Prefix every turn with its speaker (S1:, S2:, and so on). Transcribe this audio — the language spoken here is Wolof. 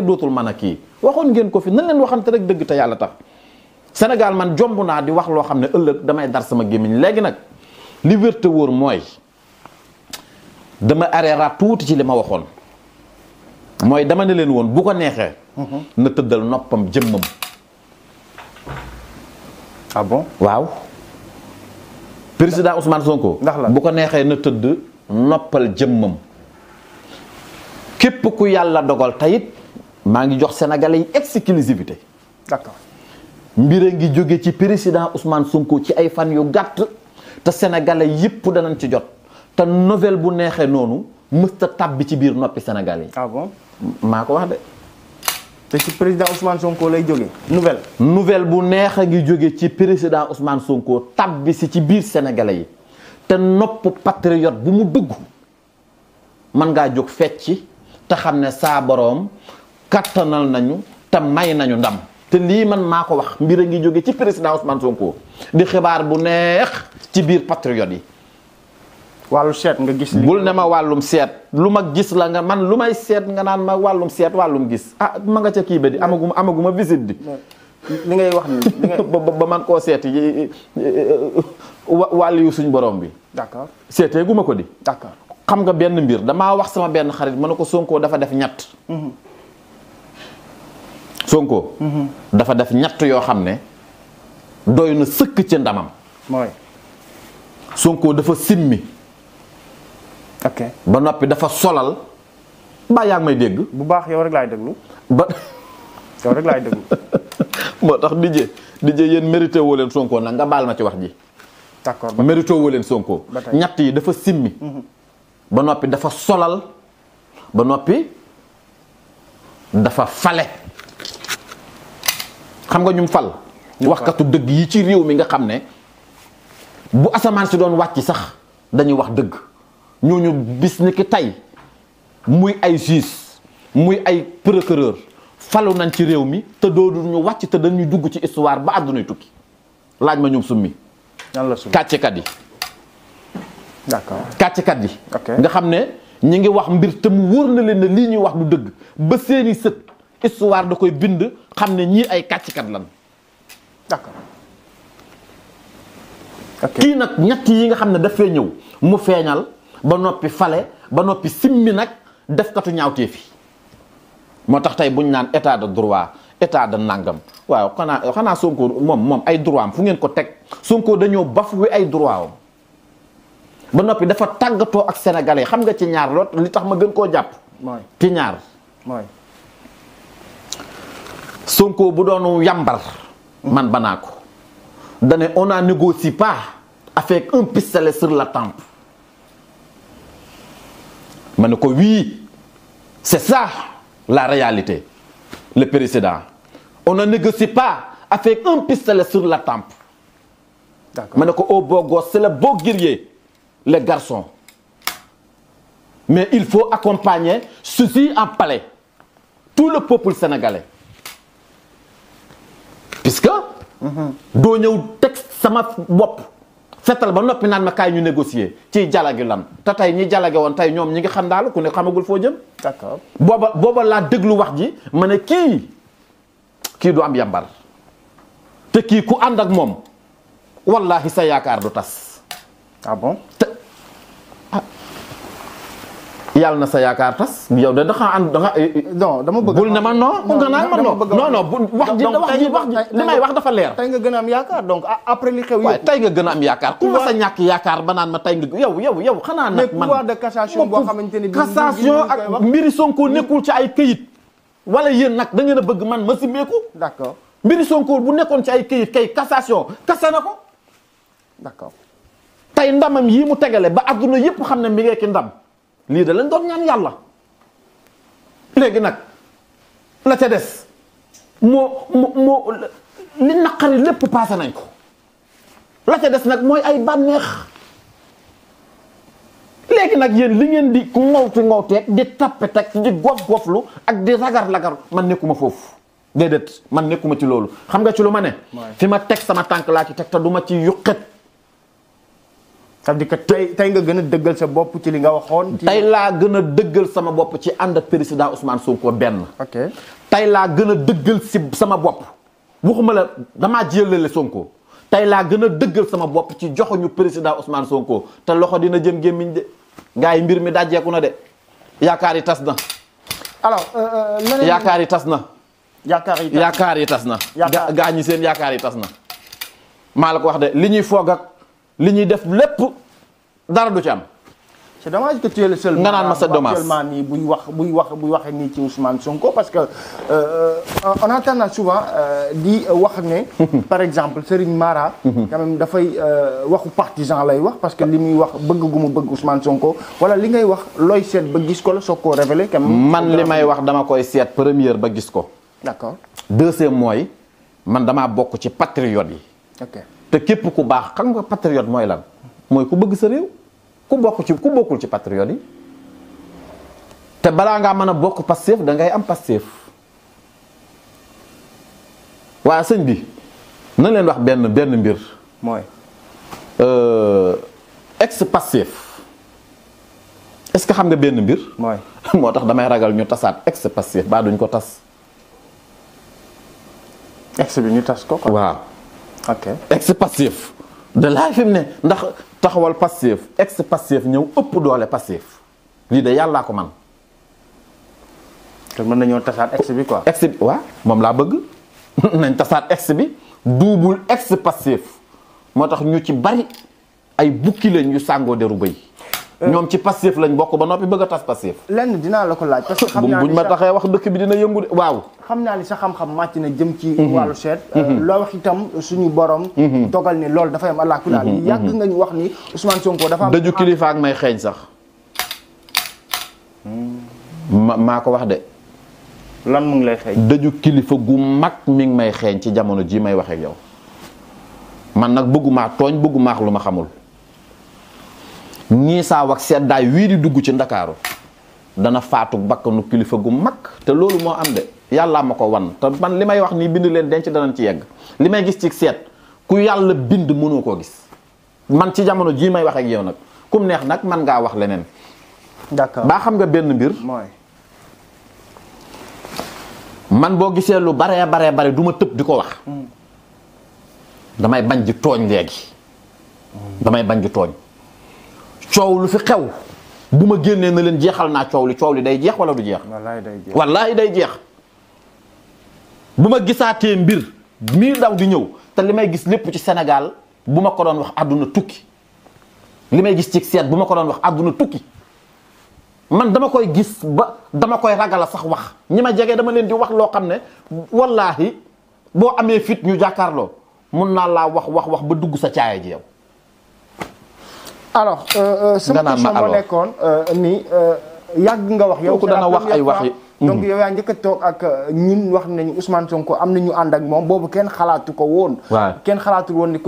S1: dootul mën a kii waxoon ngeen ko fi na leen waxante rek dëgg te yàlla tax Sénégal man jomb naa di wax loo xam ne ëllëg damay dar sama gémmiñ léegi nag liverté wér mooy dama areeraat tuuti ci li ma waxoon mooy dama ne leen woon bu ko neexee na tëddal noppam jëmmam ah bon waaw président Ousmane Sonko bu ko neexee na tëdd noppal jëmmam képp ku yàlla dogal tayit maa ngi jox sénégalais yi exclusivité d'accord mbir a ngi jóge ci président Ousmane Sonko ci ay fan yu gàtt te sénégalais yëpp danañ ci jot te nouvelle bu neexee noonu mësta tàbbi ci biir noppi sénégalais yi. ah maa ko wax de. te ci président Ousmane Sonko lay jóge nouvelle. nouvelle bu neex a ngi jóge ci président Ousmane Sonko tàbbi si ci biir sénégalais yi te nopp patriote bu mu dugg mën ngaa jóg fecc te xam ne saa boroom kattanal nañu te may nañu ndam te lii man maa ko wax mbir a ngi jóge ci président man Sonko di xibaar bu neex ci biir patriote yi. wàllu seet nga gis. bul ne ma wàllum seet lu ma gis la nga man lu may seet nga naan ma wàllum seet wàllum gis ah ma ca kii ba amaguma amaguma visite li ngay wax ni ba man koo seet yi eh, eh, eh, wàllu yu suñ borom bi. d'accord seetee gu ma ko di. d'accord xam nga benn mbir damaa wax sama benn xarit ma ne ko Sonko dafa def ñett. Mhm. Sonko. Mhm. dafa def ñett yoo xam ne doy na sëkk ci ndamam. mooy. Sonko dafa simmi. ok ba noppi dafa solal. mbaa yaa ngi may dégg. bu baax yow rek laay déglu. ba rek laay déglu. tax Dijé Dijé yéen mérité woo Sonko nag baal ma ci wax ji. d'accord mérité woo leen Sonko. ñett yi dafa simmi. Mhm. ba noppi dafa solal. ba noppi dafa fale. xam nga ñum fal waxkatu dëgg yi ci réew mi nga xam ne bu asamaan si doon wàcc sax dañuy wax dëgg ñu bis ni ki tey muy ay juge muy ay procureur falu nañ ci réew mi te doodu ñu wàcc te dañuy dugg ci histoire ba àddunay tukki laaj ma ñoom summi kàccekat yi d'accord kàccekat yi nga xam ne ñi ngi wax mbir te mu wóor na leen ne lii ñuy wax du dëgg ba seeni sët histoire da koy bind xam ne ñii ay kàcckat lan d'accord kii nag ñett yi nga xam ne dafay ñëw mu feeñal ba noppi fale ba noppi simmi nag defkatu ñaawtee fi moo tax tey buñ naan état de droit état de nangam waaw xanaa xanaa Sonko moom moom ay droit am fu ngeen ko teg Sonko dañoo bafoué ay droit am ba noppi dafa tàggatoo ak sénégalais xam nga ci ñaar lool li tax ma gën koo jàpp ci ñaar Sonko bu doon yàmbar man banaa ko dane on a négocié pas avec un pistolet sur la tempe ma ne ko oui c'est ça la réalité le précédent on ne négocie pas avec un pistolet sur la tempe ma ne ko au oh, beau gosse c'est le beau les garçons mais il faut accompagner ceci en palais tout le peuple sénégalais que doo ñëw teg sama bopp fetal ba noppi naan ma kaay ñu négocier ci jalagi lan te tey ñi jalage woon tey ñoom ñi ngi xam daal ku ne xamagul foo jëm d'accord booba booba laa déglu wax ji ma ne kii kii du am yambar te kii ku ànd ak moom wallahi sa yaakaar du tas ah yàlla na sa yaakaar tas yow de da nga ànd da nga. Eh, eh, non dama bëgg bul ne ma non. non dama bëgg non non wax ji wax ji wax ji li may wax dafa leer. tey nga gën a am yaakaar donc après li xew. yëpp tey nga gën a am yaakaar. ku ma sa ñàkk yaakaar ba naan ma tey nga yow yow yow xanaa nag. man pouvoir de cassation boo xamante ni cassation ak mbiri Sonko nekkul ci ay këyit. wala yéen nag da ngeen a bëgg man ma simbeeku. d'accord mbiri Sonko bu nekkoon ci ay këyit kay cassation kase na ko. d'accord tey ndamam yi mu tegale ba adduna yëpp xam ne mi ngi ki ndam lii de lañ doon ñaan yàlla léegi nag la ca des moo moo moo li naqari lépp paase nañ ko la ca des nag mooy ay bànneex léegi nag yéen li ngeen di ku ngawti ngawteeg di tappet ak di gof goflu ak di ragar-lagar man nekkuma foofu déedéet man nekkuma ci loolu xam nga ci lu ma ne fi ma teg sama tànk laa ci teg ta du ma ci yuqet c'est-à-dire tey nga gën a dëggal sa bopp ci li nga waxoon. tey laa gën a dëggal sama bopp ci ànd ak président Ousmane Sonko benn. ok tey laa gën a dëggal si sama bopp. waxuma la damaa jëlale Sonko tey laa gën a dëggal sama bopp ci joxuñu président Ousmane Sonko te loxo dina jëm gémmiñ de gars mbir mi dajjeeku na de yaakaar yi tas na. alors euh, euh, leneen yaakaar yi tas na. yaakaar yaakaar yi tas na. gaa ñi seen yaakaar yi tas na. maa la ko wax de li ñuy foog li ñuy def lépp dara du ci am. c'est dommage que tu es nga naan ma c'est dommage actuellement nii buy wax buy wax buy waxee nii ci Ousmane Sonko parce que euh, on entend na souvent euh, di wax ne. par exemple Serigne Mara. Mhm. quand même dafay euh, waxu partisan lay wax parce que li muy wax bëgg gu mu bëgg Ousmane Sonko wala li ngay wax looy seet ba gis ko la soo koo révélé. man li may wax dama koy seet première ba gis ko. d'accord deuxième mooy man damaa bokk ci patriote yi. te képp ku baax xam nga patriote mooy lan mooy ku bëgg sa réew ku bokk ci ku bokkul ci patriote yi te balaa ngaa mën a bokk Pastef da ngay am Pastef waa sëñ bi na leen wax benn benn mbir mooy euh, ex Pastef est-ce que xam nga benn mbir mooy moo tax damay ragal ñu tasaat ex Pastef baa duñ ko tas ex bi ñu tas ko waaw ok ex passif de laay fi ne ndax taxawal passif ex passif ñëw ëpp doole passif lii de yàllaa ko man kon mën nañoo tasaat ex bi quoi. ex bi moom laa bëgg nañ tasaat ex bi double ex moo tax ñu ci bari ay bukki lañ yu sàngoo deru bëy ñoom ci passif lañ bokk ba noppi bëgg a tas passif. lenn dinaa la ko laaj parce que xam ma taxee wax dëkk bi dina yëngu de waaw. xam naa ni sax xam-xam màcc na jëm ci. Mhm. wàllu seet. Mhm. Euh, loo wax itam suñu borom. Mhm. dogal ni loolu dafa am allah kulli aal. yàgg nga ñu wax ni Ousmane Sonko dafa am. daju kilifa may xeeñ sax. ma maa ko wax de. lan mu ngi lay xeeñ. daju kilifa gu mag mi ngi may xeeñ ci jamono ji may waxee ak yow man nag bëggu tooñ bëggu maax lu ma xamul. niisaaw ak seddaay wii di dugg ci ndakaaru dana faatu bakkanu kilifa gu mag te loolu moo am de yàlla ma ko wan te man li may wax nii bind leen denc danañ ci yegg li may gis ci seet ku yàlla bind mënoo koo gis man ci jamono jii may wax ak yow nag kum neex nag man ngaa wax leneen. d'accord baa xam nga benn mbir. mooy man boo gisee lu baree baree bare du ma tëb di ko wax. Mm. damay bañ ji tooñ léegi. Mm. damay bañ ji tooñ. coow lu fi xew bu ma génnee na leen jeexal naa coow li coow li day jeex wala du jeex. wallaay day jeex bu ma gisaatee mbir mii daw di ñëw te li may gis lépp ci senegal bu ma ko doon wax àdduna tukki li may gis ci seet bu ma ko doon wax àdduna tukki man dama koy gis ba dama koy ragal sax wax ñi ma jege dama leen di wax loo xam ne wallaahi boo amee fit ñu jàkkaarloo mun naa laa wax wax wax ba dugg sa caaya ji alors sama question moo nekkoon euh, ni euh, yàgg nga wax yow. dana wax ay wax yi mhm. donc yow yaa njëkk a ak euh, ñun wax nañu Ousmane Sonko am na ñu ànd ak moom boobu kenn xalaatu ko woon. kenn xalaatul woon ni